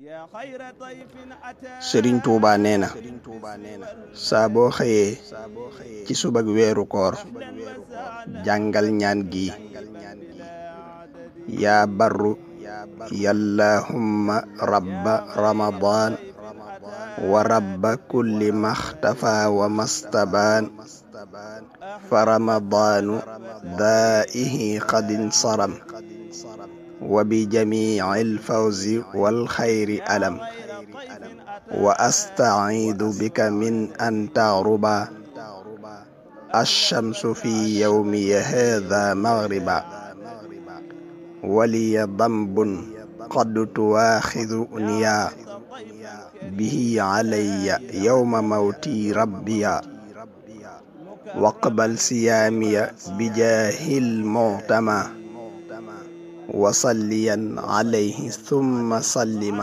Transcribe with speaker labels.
Speaker 1: Ya Sering tuba nena na saaboo xëyee ci subag weeru koor jàngal ñaan gi ya barru yallahumma ya ya rabba ramadan wa rabba kulli makhtafa wa mastaban fa ramadaanu daa'ihi qad insaram وبجميع الفوز والخير ألم وأستعيذ بك من أن تغرب الشمس في يومي هذا مغربا ولي ذنب قد تواخذني به علي يوم موتي ربي واقبل صيامي بجاه المعتمى وصليا عليه ثم سلم